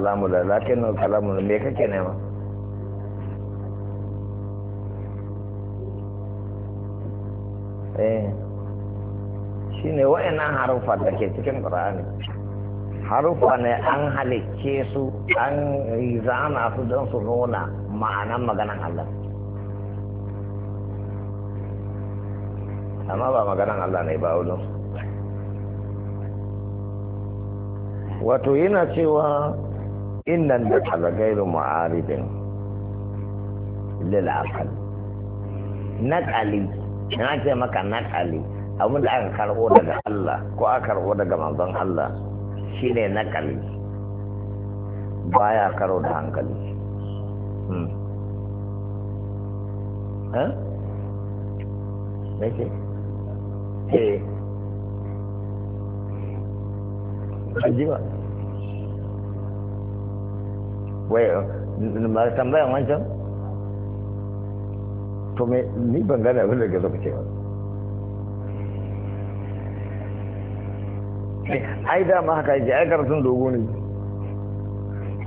kalamu da lakin kalamu me kake nema eh shine wa'annan harufa da ke cikin qur'ani harufa ne an halicce su an zana su don su nuna ma'anan maganan Allah amma ba maganan Allah ne ba wurin wato yana cewa innan da alagairu ma'aridin lil'akal naƙali na ce maka naƙali abin da aka karɓo daga Allah ko aka karɓo daga manzon Allah shine naƙali baya karo da hankali nake eh ajiba wai tambayan wancan to me ni ban gane abin da ga zaka cewa ai da ma haka ji ai karatun dogo ne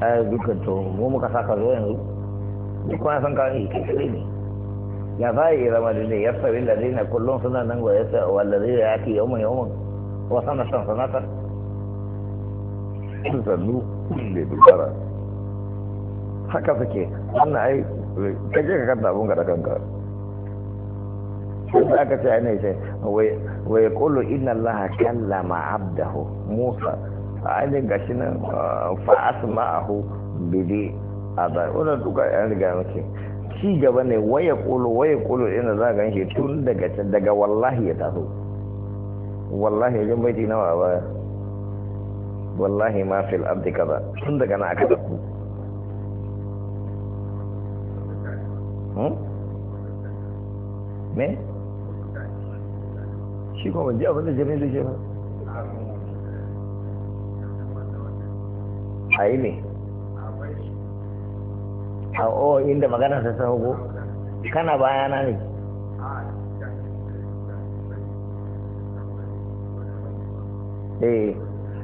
ai dukkan to mu muka saka zo yanzu duk kuma san kawai yi kai ne ya zai yi zama da ne ya sabi ladina kullum suna nan wa ya sa wallazi ya ki yawon yawmun wa sana san sanatar sannu kulle bukara haka suke wannan ai kake ka kanta abun ka da kanka sai aka ce ne sai wa yaqulu inna allaha kallama abdahu musa ainihin gashi nan ah, fa asma'ahu bidi azar wannan duka yan riga mace ci gaba ne waya kulu waya kulu Ina za gan shi tun daga can daga wallahi ya taso wallahi ya jin baiti nawa ba wallahi ma fil abdi kaza tun daga na aka tafi Hmm? me shi kuma ji abinda abin da jamilu a yi ne a o inda magana ta sahogo kana bayana ne eh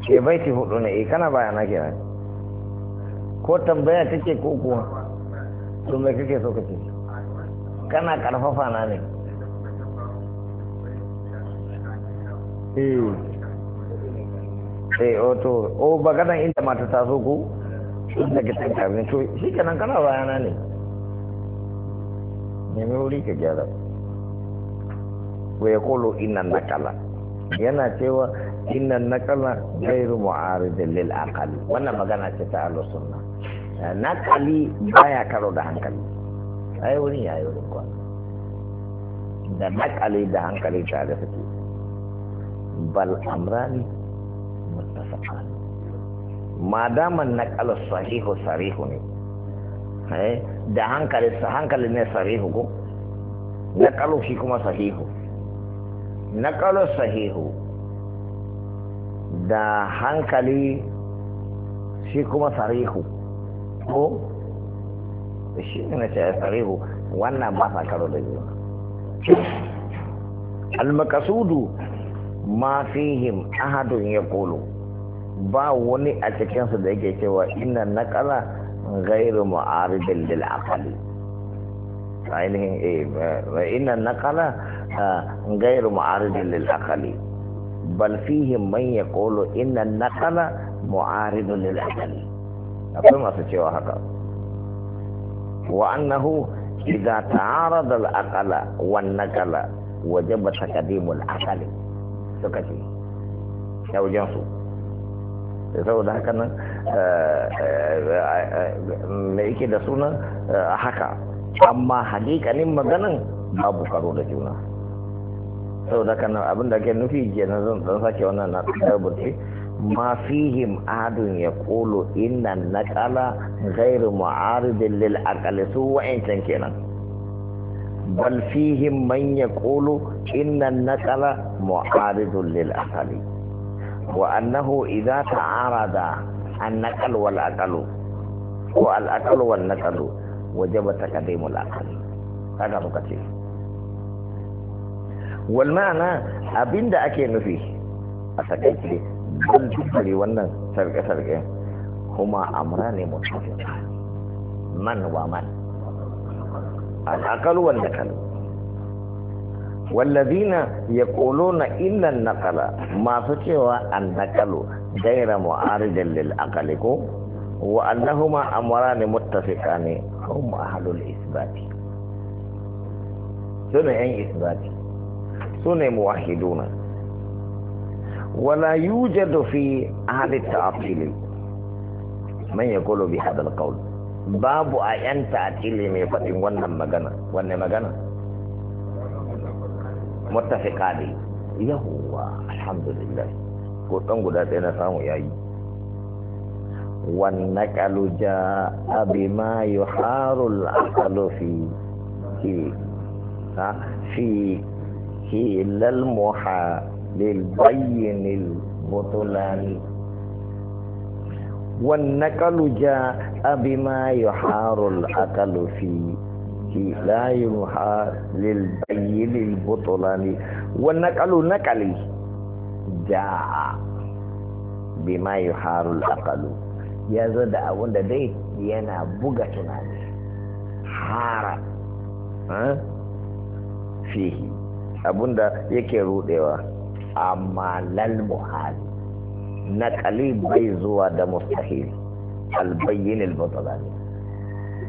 ke baiti hudu ne eh kana bayana ke ko tambaya take ko kuwa to me kake so ka ce kana karfafa na ne eh oto eh, o bagana inda mata ta so ku inda ka tanka ne to shi kenan kana bayana ne ne nemi wuri ka gyara wa yaqulu inna nakala yana cewa inna nakala ghairu mu'arid lil aqal wannan magana ce ta ahlus sunna nakali baya karo da hankali ai wurin ya yi rukwa da nakali da hankali tare suke bal amrani muttafaqan ma daman sahihu sarihu ne eh, da hankali sa hankali ne sarihu ko naqalu shi kuma sahihu naqalu sahihu da hankali shi kuma sarihu ko shi ne na ce ya ku wannan ba sa karo da juna almakasudu ma fihim ahadun ya kolo ba wani a cikinsu da yake cewa na naƙala gairu mu'aridin lil akali, ainihin eh, ina na naƙala ah, gairu mu'aridin lil akali, bal fihim man ya kolo na naƙala mu'aridin lil aqali akwai masu cewa haka وأنه إذا تعارض الأقل والنقل وجب تقديم الأقل سكتي أو جنسو saboda haka nan mai yake da suna haka amma hakikanin maganan babu karo da juna saboda haka nan abinda ke nufi kenan zan sake wannan na ɗarburce ma fihim adun ya kolo inna kala gairu mu'aridin lil aqali su wa'ancan kenan bal fihim man ya kolo inna naƙala mu'aridun lil aqali wa annahu idza ta'arada an naqal wal aqalu ko al aqalu wal naqalu wajaba taqdimul aqali kaga muka ce wal ma'ana abinda ake nufi a sakaice don dukari wannan sarge-sarge kuma amra ne mutane man wa man al'akalu wanda kan wallazina ya ƙolo na illan naƙala, masu cewa an naƙalo gaira mu'arijin lil akali ko wa annahuma amara ne muttafika ne hum ahlul isbati ne yan isbati sune muwahiduna ولا يوجد في أهل التعطيل من يقول بهذا القول باب أين من ميفتن وانا مغانا وانا مغانا متفق متفقاني يهوى الحمد لله قلتن قدات انا سامو ياي والنكل جاء بما يحار العقل في في في هي للمحا Lil lilbayinil butulani wan nakalu ja abima yuharul akalu fi fi la yuha lilbayinil butulani wan nakalu nakali ja bima yuharul akalu ya zo da abun da dai yana buga tunani hara fihi abun da yake rudewa amma lal na kali bai zuwa da mustahil albayyin albatalani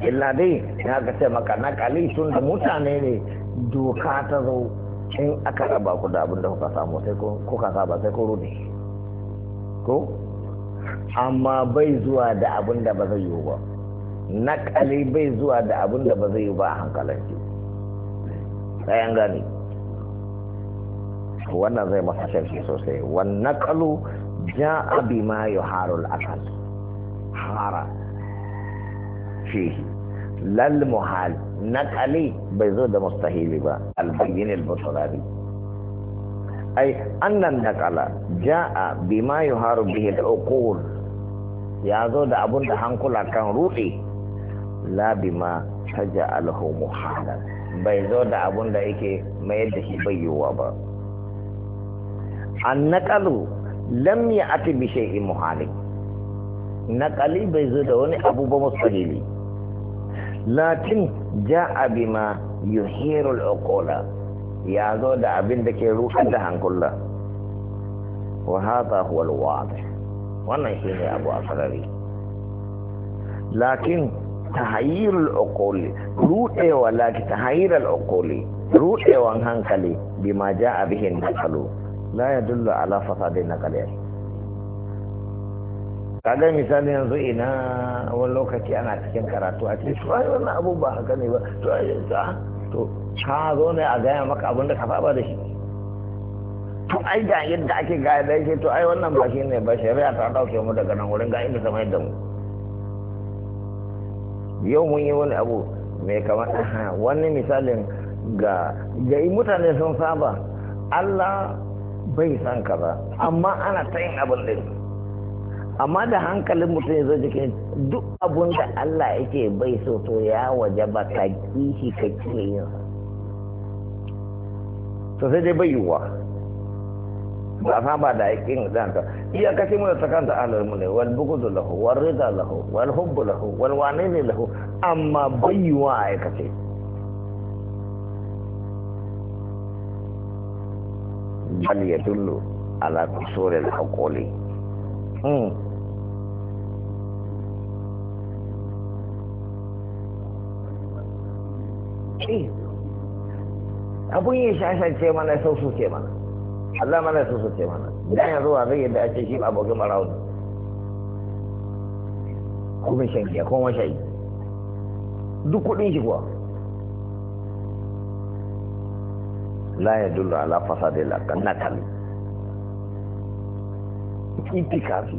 illa dai ya ka ce maka kali tun da mutane ne doka ta zo in aka raba ku da abin da kuka samu sai kuka saba sai ku rudi ko amma bai zuwa da abin da ba zai yiwu ba kali bai zuwa da abin da ba zai yiwu ba a hankalanci sayan gani wannan zai masa sharhi sosai wannan kalu ja abi ma yuharul akal hara fihi lal muhal naqali bai zo da mustahili ba al bayyin al butlani ai annan naqala jaa bima yuharu bihi al uqul ya zo da abun da hankula kan rude la bima taja'alhu muhalan bai zo da abun da yake mayar da shi bayyuwa ba annaqalu lam ya'ti bi shay'in muhalin naqali bai zo da wani abu ba mustahili lakin ja'a bima yuhiru al-uqula ya zo da abin da ke ruhar da hankula wa hadha huwa al-wadih wannan ne abu asrari lakin تحيير العقول روحي ولكن تحيير العقول hankali bima بما جاء به النقل la ya dullu ala fasadin na kaliyar kaga misali yanzu ina wani lokaci ana cikin karatu a cikin shuwa yi abu ba haka ne ba to a yanzu to ka zo ne a gaya maka abin da ka saba da shi to ai da yadda ake gaya da yake to ai wannan ba shi ne ba shari'a ta dauke mu daga nan wurin ga inda ta mai da mu yau mun yi wani abu mai kamar wani misalin ga ga mutane sun saba Allah bai san kaza amma ana ta yin abin din amma da hankalin mutum ya zo jikin duk abun da Allah yake bai so to ya waje ba ka kishi ka kiyaye yin to sai dai bai yiwuwa ba saba da yakin danta iya kashe mu ta kanta alal mu ne wal bughd lahu wal rida lahu wal hubb lahu wal ne lahu amma bai yiwuwa aikace bal dullu ala kusuril haquli hmm abun yi shashance mana sau su ce mana Allah mana sau su ce mana da yanzu wa zai yadda ake shi abokin marawun kuma shankiya kuma mashayi duk kudin shi kuwa la yadullu ala fasadil aqnatan itikafi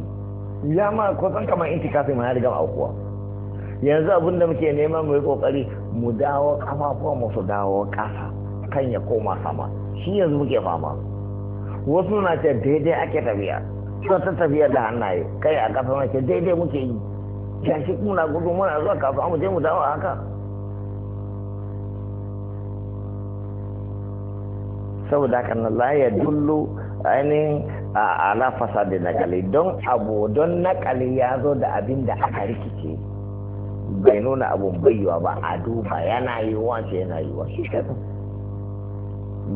ya ma kusan kamar itikafi ma ya riga aukuwa yanzu abin da muke nema mu yi kokari mu dawo ko mu su dawo kasa kan ya koma sama shi yanzu muke fama wasu na ce daidai ake tafiya suna ta tafiya da hannaye kai a kasa na ce daidai muke yi shi kuma na gudu muna zuwa kasuwa mu je mu dawo haka saboda haka na la ya dullu ainihin a alafasa da nakali don abu don nakali ya zo da abin da aka rikice bai nuna abun baiwa ba a duba yana yi wance yana yi wa shi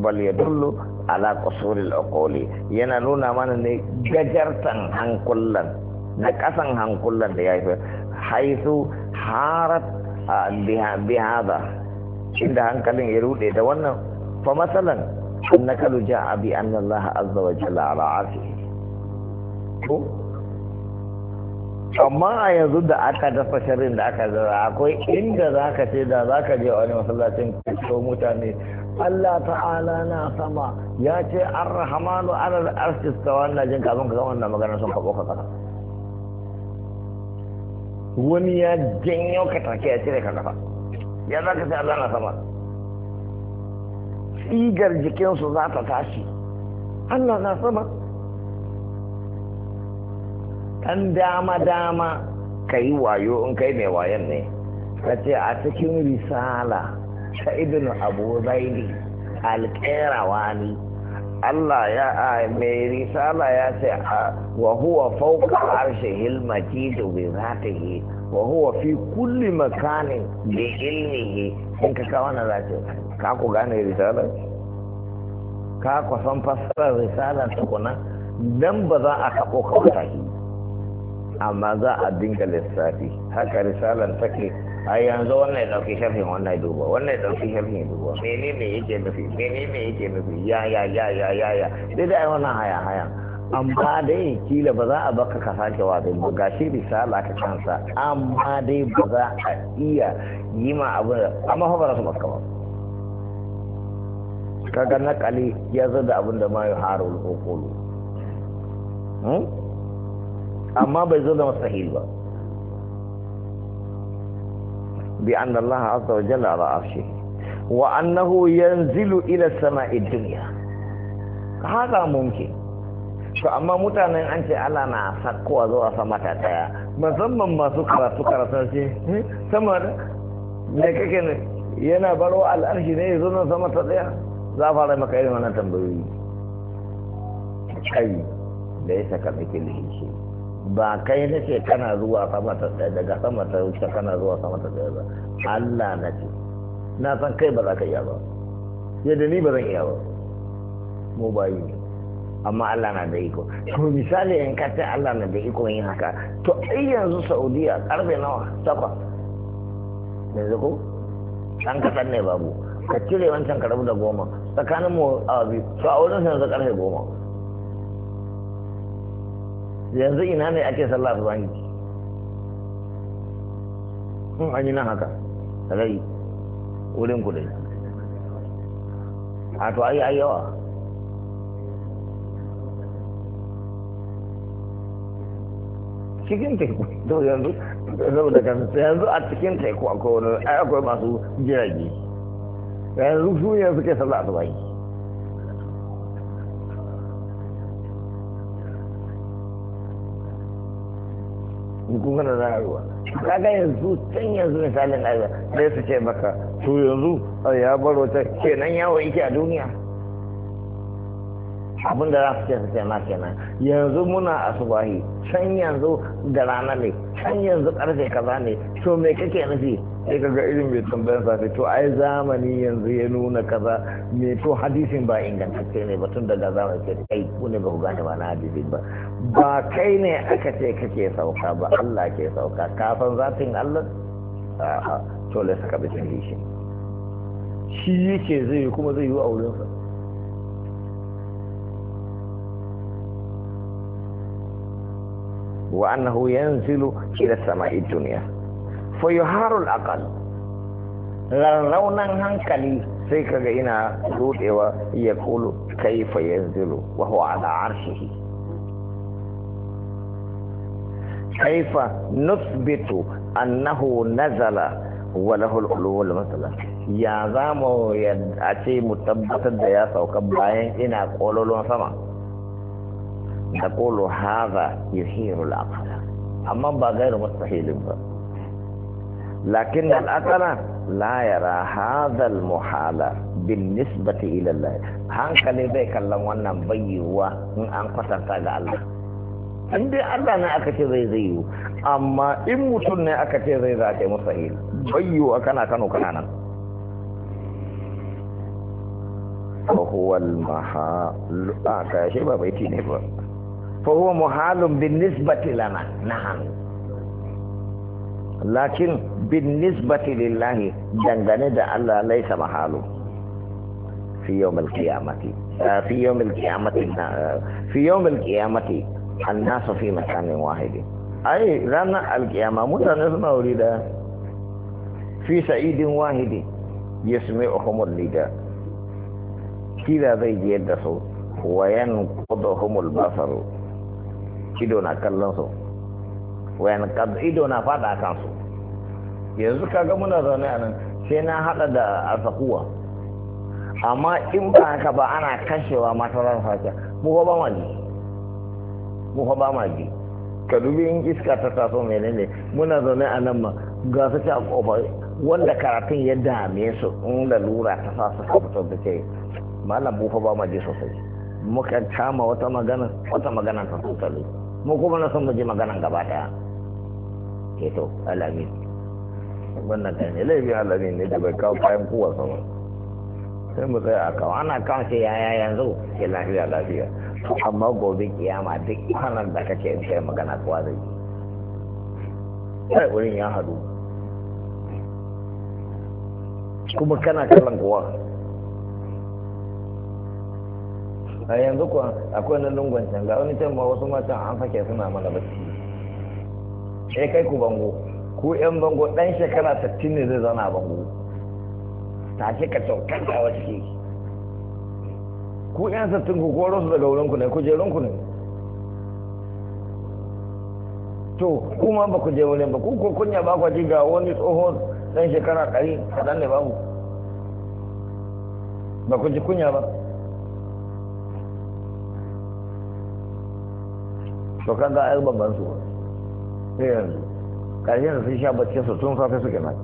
bal ya dullu ala kusuril aqoli yana nuna mana ne gajartan hankulan na kasan hankulan da ya yi haisu harat bi inda hankalin ya rude da wannan fa masalan النقل جاء بأن azza wa وجل ala عرشه amma a yanzu da aka dafa shirin da aka zara akwai inda za ka ce da za ka je wani masallacin kusurwa mutane Allah ta'ala na sama ya ce an rahamanu an da ta wannan jin kafin ka wannan maganar sun kaɓo ka kasa wani ya janyo ka take ya cire ka kafa ya za ka ce Allah na sama sigar jikinsu za ta tashi Allah na sama ɗan dama-dama ka yi wayo in kai mai wayan ne ka ce a cikin risala ta ibn abu zaini alƙerawa ne Allah ya a mai risala ya ce wa wahuwa fauka arshihil za ta zatihi wa huwa fi kulli makanin bi ne in ka kawo na zace ka ku gane risalar ka ku san fassarar risalar tukuna ba za a kabo ka mataki amma za a dinga lissafi haka risalar ke, a yanzu wannan ya dauki shafin wannan ya wannan ya dauki shafin ya menene yake nufi menene yake nufi ya ya ya ya ya dai wannan amma dai kila ba za a baka ka sake wazin ba ga shi risala ka kansa amma dai ba za a iya yi ma abin amma fa ba su maka ba ga nakali ya zo da abin da ma yi harul kokolo hmm? amma bai zo da mustahil ba bi da Allah azza wa jalla ala arshi wa annahu yanzilu ila sama'i dunya hada mumkin to amma mutanen an ce ala na sakowa zuwa sama ta daya musamman masu karatu karatu ce hmm? sama ne kake ne yana baro al'arshi ne ya zo nan sama ta daya za a fara maka irin wannan tambayoyi kai da ya saka miki lishe ba kai na ce kana zuwa sama ta daya daga sama ta wuce kana zuwa sama ta daya ba Allah na ce na san kai ba za ka iya ba yadda ni ba zan iya ba mu ne amma Allah na da iko to misali in ka Allah na da iko yin haka to ai yanzu Saudiya karfe nawa takwa yanzu ko dan kasan ne babu ka cire wancan ka rabu da goma tsakanin mu a bi, to a wurin yanzu karfe goma yanzu ina ne ake sallah yi, in an yi nan haka rai wurin kudai a to ai ai yawa cikin teku to yanzu saboda kansu yanzu a cikin teku akwai wani ai akwai masu jirage yanzu su ne suke sallah asubahi kun kana na ruwa kaga yanzu can yanzu misalin aiza sai su ce maka to yanzu ya baro ta kenan yawon yake a duniya abin da za su ce su ce ma kenan yanzu muna asubahi can yanzu da rana ne can yanzu karfe kaza ne to me kake nufi sai kaga irin mai tambayar safe to ai zamani yanzu ya nuna kaza me to hadisin ba ingantacce ne ba tun daga zamani ce kai ku ne ba ku gane ba na hadisin ba ba kai ne aka ce kake sauka ba Allah ke sauka kafin zatin Allah a'a to lai saka shi shi yake zai kuma zai yi aurensa. wa annahu yanzilu ila samai dunya fa yuharul aqal raunan hankali sai kaga ina rudewa ya kulu kaifa yanzilu wa huwa ala arshihi kaifa nuthbitu annahu nazala wa lahu al-ulu ya zamu ya ce mutabbatar da ya sauka bayan ina kololon sama تقول هذا يثير العقل أما غير مستحيل لكن العقل لا يرى هذا المحال بالنسبة إلى الله هان قلبك الله وانا بيوة ان قتل تعالى الله عند الله نأكت ذيذيو أما إموتن نأكت ذيذات مستحيل بيوة كان كانوا كانا وهو المحال آه كاشي بابا يتيني بابا فهو محال بالنسبة لنا نعم لكن بالنسبة لله دنغني الله ليس محال في يوم القيامة في يوم القيامة في يوم القيامة الناس في مكان واحد أي رانا القيامة متنظمة ولدا في سعيد واحد يسمعهم النداء كذا زي يدسوا وينقضهم البصر ido na kallon su wayan kad ido na fada kan su yanzu kaga muna zaune a nan sai na hada da asakuwa amma in ba haka ba ana kashewa matarar fata mu ba ma ji mu ba ma ji ka dubi in iska ta taso menene muna zaune a nan ma ga su ta kofa wanda karatun ya dame su in da lura ta sa su fito da ke malam bufa ba ma ji sosai muka kama wata magana wata magana ta tutale mu kuma na son mu ji maganan gaba daya ke to alamin wannan kan ne laifi alamin ne da bai kawo kayan kowa sama sai mu tsaye a kawo ana kawo shi yaya yanzu ke lafiya lafiya amma gobe kiyama duk kwanan da kake in kai magana kowa zai yi Sai wurin ya hadu kuma kana kallon kowa a yanzu kuwa akwai na lungon ga wani can ma wasu matan an fake suna mana bacci eh, kai ku bango ku yan bango dan shekara 60 ne zai zauna a bango tashi ka saukar da wasu ke ku yan sattin ku koro su daga wurinku ne kujerunku ne to kuma ba ku je wurin ba ku ko kunya ba ku ji ga wani tsohon dan shekara 100 kadan ne babu ba ku ji kunya ba to ga ai babban su sai yanzu ƙarshen sun sha bacci su tun safe suke nan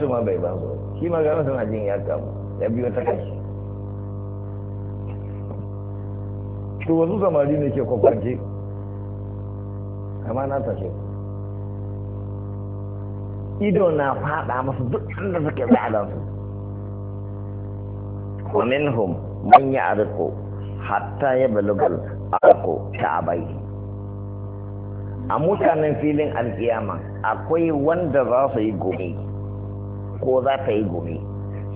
su ma bai ba su shi ma gano suna jin ya kamu ya biyo ta kashi to wasu samari ne ke kwakwanke amma na tashe ido na fada masu duk inda suke zaɗa su minhum man a arko hatta ya balugal ta abai. a mutanen filin alkiyama akwai wanda za su yi gumi ko za ta yi gumi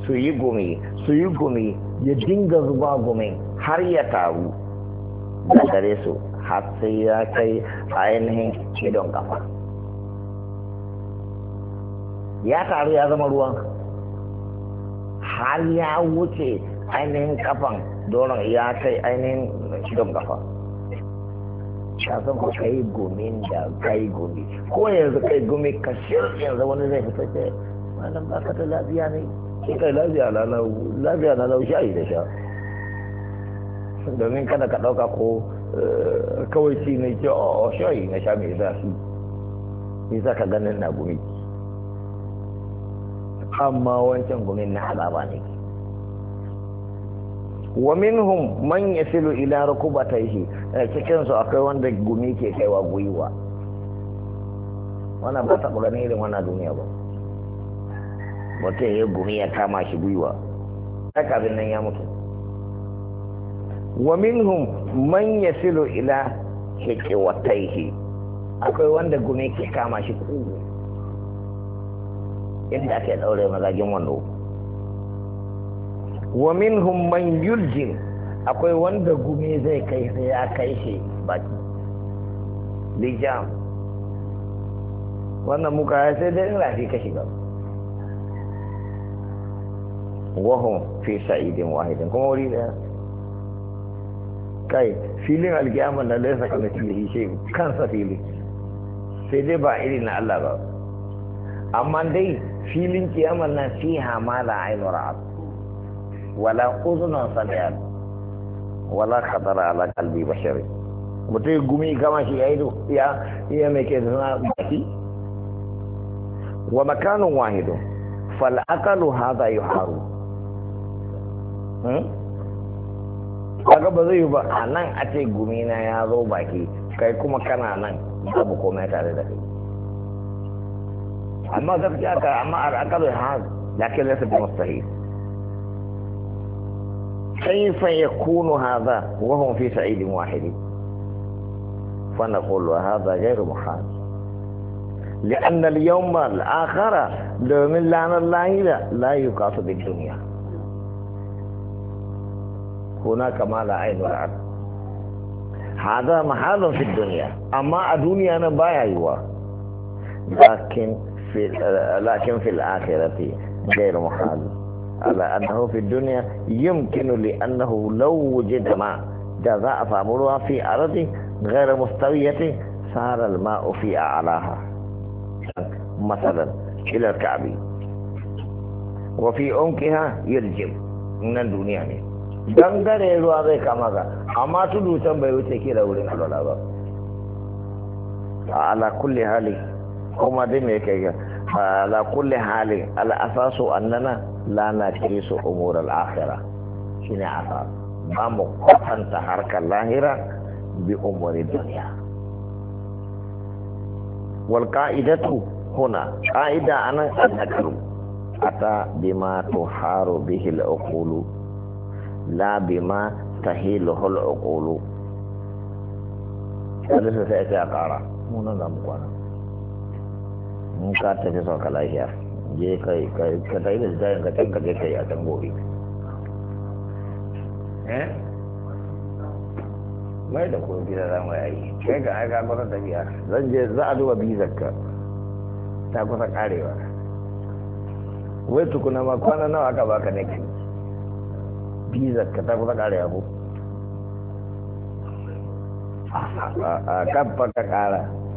su yi gumi su yi gumi ya dinga zuba gumi har ya taru da gare su har sai ya kai ainihin cidon kafa ya taru ya zama ruwan har ya wuce ainihin kafan doron ya kai ainihin don kafa shafin ku kai gumi da kai gumi ko yanzu kai gumi ka shirya yanzu wani zai fita ce malam ba ka ta lafiya ne sai kai lafiya na lau lafiya na lau shayi da sha domin kada ka ɗauka ko eh, kawai shi ne ke sha oh, oh, shayi na sha mai zafi ni za ka ganin na gumi amma wancan gumin na azaba ne wa minhum man yasilu ila rukubatayhi cikin eh, cikinsu akwai wanda gumi ke kaiwa gwiwa wannan ba ta gani irin wannan duniya ba mutum ya gumi ya kama shi gwiwa haka abin nan ya mutu wa minhum man yasilu ila hiqiwatayhi akwai wanda gumi ke kama shi kugu inda ake daure mazajin wando wa min man yuljin akwai wanda gumi zai kai sai ya kai shi baki lijam wannan muka ya sai dai rafi kashi ba wahun fi sa'idin wahidin kuma wuri daya kai filin alkiyamun da laisa kan fili shi kansa fili sai dai ba iri na Allah ba amma dai filin kiyamun na fiha ma la ainihin ra'at wala uzunan sami'at wala khatara ala kalbi bashari mutum gumi kama shi ya ido ya iya mai ke suna baki wa makanin wahidu fal aqalu hadha yuharu kaga ba zai yi ba a nan a ce gumi na ya zo baki kai kuma kana nan babu komai tare da kai amma gaskiya aka amma al'aqalu hadha lakin laysa bi mustahil كيف يكون هذا وهم في سعيد واحد فنقول هذا غير محال لأن اليوم الآخر دوم لعن الله لا يقاس بالدنيا هناك ما لا عين ولا هذا محال في الدنيا أما الدنيا أنا بايع يوا أيوة. لكن في لكن في الآخرة غير محال على أنه في الدنيا يمكن لأنه لو وجد ماء جزاء فأمرها في أرض غير مستوية صار الماء في أعلاها مثلا إلى الكعبي وفي عمقها يرجم من الدنيا يعني دنگر ایلو آده کاما گا اما تو دوچن بیو تکی روڑی کلو لابا على كل حال كما دم يكيا على كل حال الاساس اننا لا تريسو امور الاخرة شنو عطار ما مقفن تحرك اللاهرة بامور الدنيا والقاعدة هنا قاعدة انا اذكر اتى بما تحار به العقول لا بما تهيله العقول ثلاثة سيئة قارة مونا نمقوانا مكاتب سوكالا هيا je kai ka tafi da zai ka tanka je kai a can gobe eh mai da kuma gida za mu yayi kai ga aka da biya zan je za a duba bizar ka ta kusa karewa wai tukuna ma kwana nawa aka baka ne ki bizar ka ta kusa karewa ko a kan fa ka kara